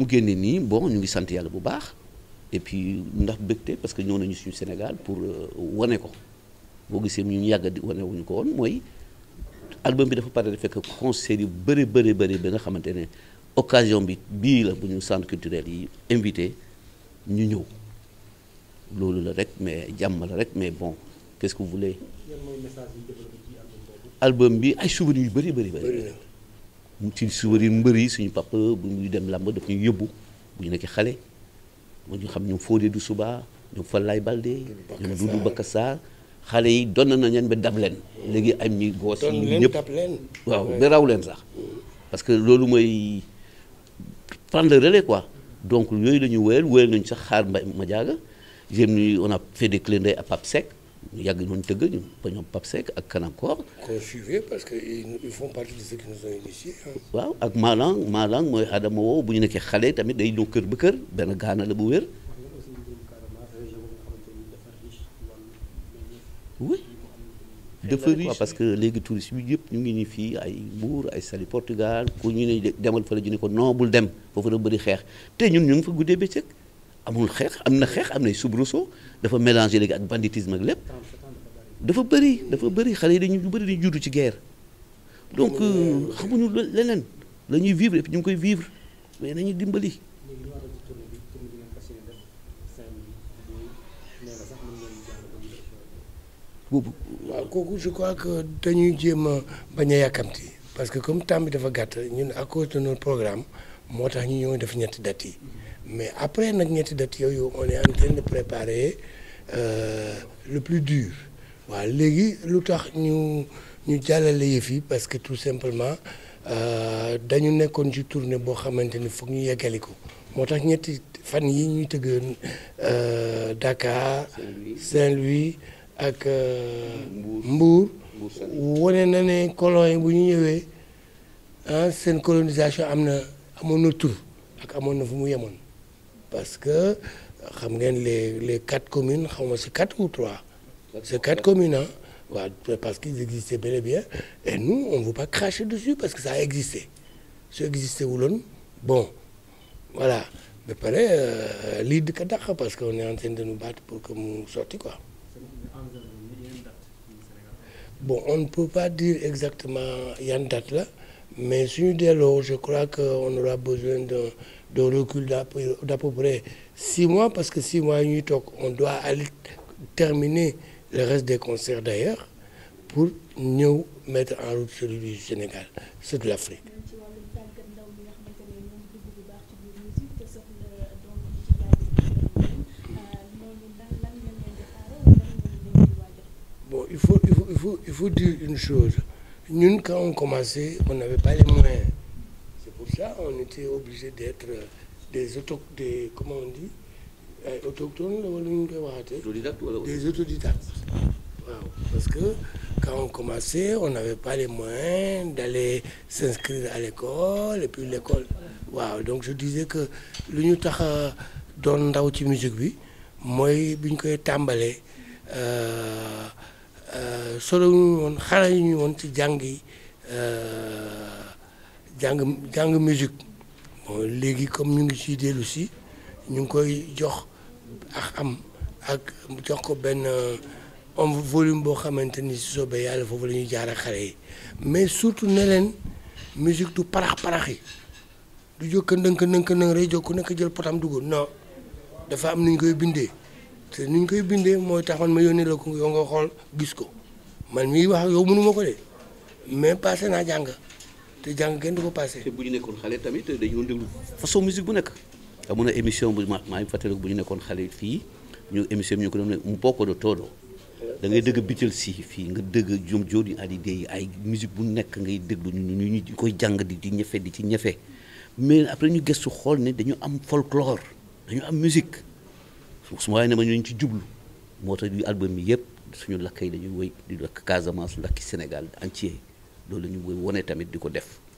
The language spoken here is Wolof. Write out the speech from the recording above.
mu génnee nii bon ñu ngi sant yàlla bu baax et puis ndax bégte parce que ñëw nañu suñu Sénégal pour euh, wane ko boo gisee ñu yàgg di wane wuñu ko woon mooy album bi dafa pare fekk concert yu bëri bëri bëri ba nga xamante ne occasion bi bii la bu ñu centre culturel yi invité ñu ñëw loolu la rek mais jàmm rek mais bon bi ci suwari mbër yi suñu papa bu ñu dem làmb daf ñu yóbbu bu ñu nekkee xale ba ñu xam ñoom Fodé du suba ñoom Falaye Baldé ñoom Doudou Bakassar xale yi donn na ñeen ba dab leen léegi am ñi goos yi ñëpp waaw ba raw leen sax parce que loolu mooy prendre le relais quoi donc yooyu la ñu wéyal wéyal nañu sax xaar Mbaye Madiaga jéem ni on a fait des clins d'œil à Pape ñu yàgg ñoon tëgg ñu ba ñoom ak Kanakor. qu'on parce que ils font partie de ceux qui waaw ak Malang Malang mooy Adama woow bu ñu nekkee xale tamit day ñëw kër ba kër benn gaana la bu wér. oui dafa riche parce que léegi touristes yi yëpp ñu ngi ni fii ay Mbour ay Saly Portugal ku ñu ne demal fa la ñu ne ko non bul dem foofu la bari xeex te ñun ñu ngi fa guddee bëccëg. amul xeex am na xeex am nay soubresaut dafa mélangé léegi ak banditisme ak lépp dafa bëri dafa bëri xale yi dañu ñu bëri dañu juddu ci guerre donc euh, xamuñu leneen la ñuy vivre et ñu ngi koy vivre mais nañu dimbali. boobu kooku je crois que dañuy jéem a bañ a yàkkamti parce que comme temps bi dafa gàtt ñun à cause de notre programme moo tax ñu ñëw def ñetti dates yi. mais après nag ñetti date yooyu on est en train de préparer euh, le plus dur waaw léegi lu tax ñu ñu jàllale yëf yi parce que tout simplement euh, dañu nekkoon ci tournée boo xamante ni foog ñu yeggali ko moo tax ñetti fan yi ñuy tëggoon euh, Dakar Saint-Louis ak euh, Mbour wone na ne colon yi bu ñu ñëwee ah seen colonisation am na amoon na tur ak amoon na fu mu yemoon parce que xam ngeen les les quatre communes xaw ma si quatre ou trois. c'est quatre communes ah. waaw parce qu'ils existaient bel et bien et nous on ne veut pas cracher dessus parce que ça a existé su wuloon bon voilà ba pare euh, lii di ko dàq parce que on est en de nous battre pour que mu sorti quoi. bon on ne peut pas dire exactement yan date la mais suñu delloo je crois que on aura besoin d'un d'un recul d'à six mois parce que six mois ñuy toog on doit aller terminer le reste des concerts d'ailleurs pour ñëw mettre en route celui du Sénégal ceux de l'Afrique on commençait on n'avait pas les moyens pour ça, on était obligé d'être des auto des comment on dit ay euh, autochtones la wala ñu koy waxatee. waaw parce que quand on commençait on n'avait pas les moyens d'aller s'inscrire à l'école et puis l'école waaw donc je disais que lu ñu tax a doon ndaw ci musique bi mooy bi ñu koy tàmbalee euh, euh, solo ñu woon xale ñu woon ci jàngi. jàng jàng musique bon léegi comme ñu ngi ciy dellu si ñu ngi koy jox ak am ak jox ko benn euh, om boo xamante ni si soobee yàlla foofu la ñuy jaar ak xale yi mais surtout ne leen musique du parax-parax du jokka ndënk ndënk ndënk rek ku nekk jël potam dugg non dafa am nu ñu koy bindee te nu ñu koy bindee mooy tax man ma yónnee la ko yow nga xool gis ko man mii wax yow mënuma ko de mais passé naa jàng te jàng kenn du ko passé. te bu ñu nekkoon xale tamit dañu doon déglu façon musique bu nekk. amoon na émission bu ma maa ngi fàttaliku bu ñu nekkoon xale fii ñu émission bi ñu ko doon ne mu bokk do toodo da ngay dëgg bital si fii nga dëgg jom yi adi dee ay musique bu nekk ngay déglu ñu ñu koy jàng di di ñafe di ci ñefe mais après ñu gëstu xool ne dañu am folklore dañu am musique su ma ne ma ñu ci jublu moo tax album yi yëpp suñu lakk yi dañuy woy di lakk Casamance lakki Sénégal entier. loolu la ñu wone tamit di ko def